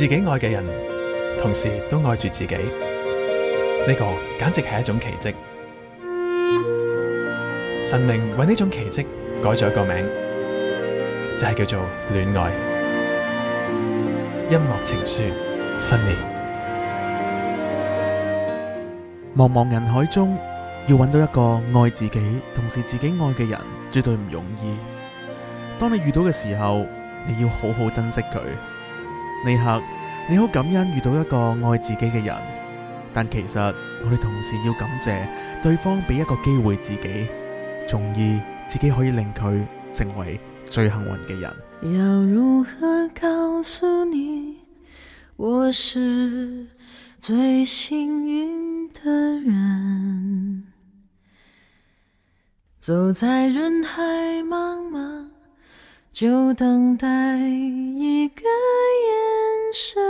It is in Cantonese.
自己愛嘅人，同時都愛住自己，呢個簡直係一種奇蹟。神明為呢種奇蹟改咗個名，就係叫做戀愛。音樂情書，新年茫茫人海中要搵到一個愛自己，同時自己愛嘅人，絕對唔容易。當你遇到嘅時候，你要好好珍惜佢。呢刻。你好，感恩遇到一個愛自己嘅人，但其實我哋同時要感謝對方俾一個機會自己，從而自己可以令佢成為最幸運嘅人。要如何告訴你，我是最幸運的人？走在人海茫茫，就等待一個眼神。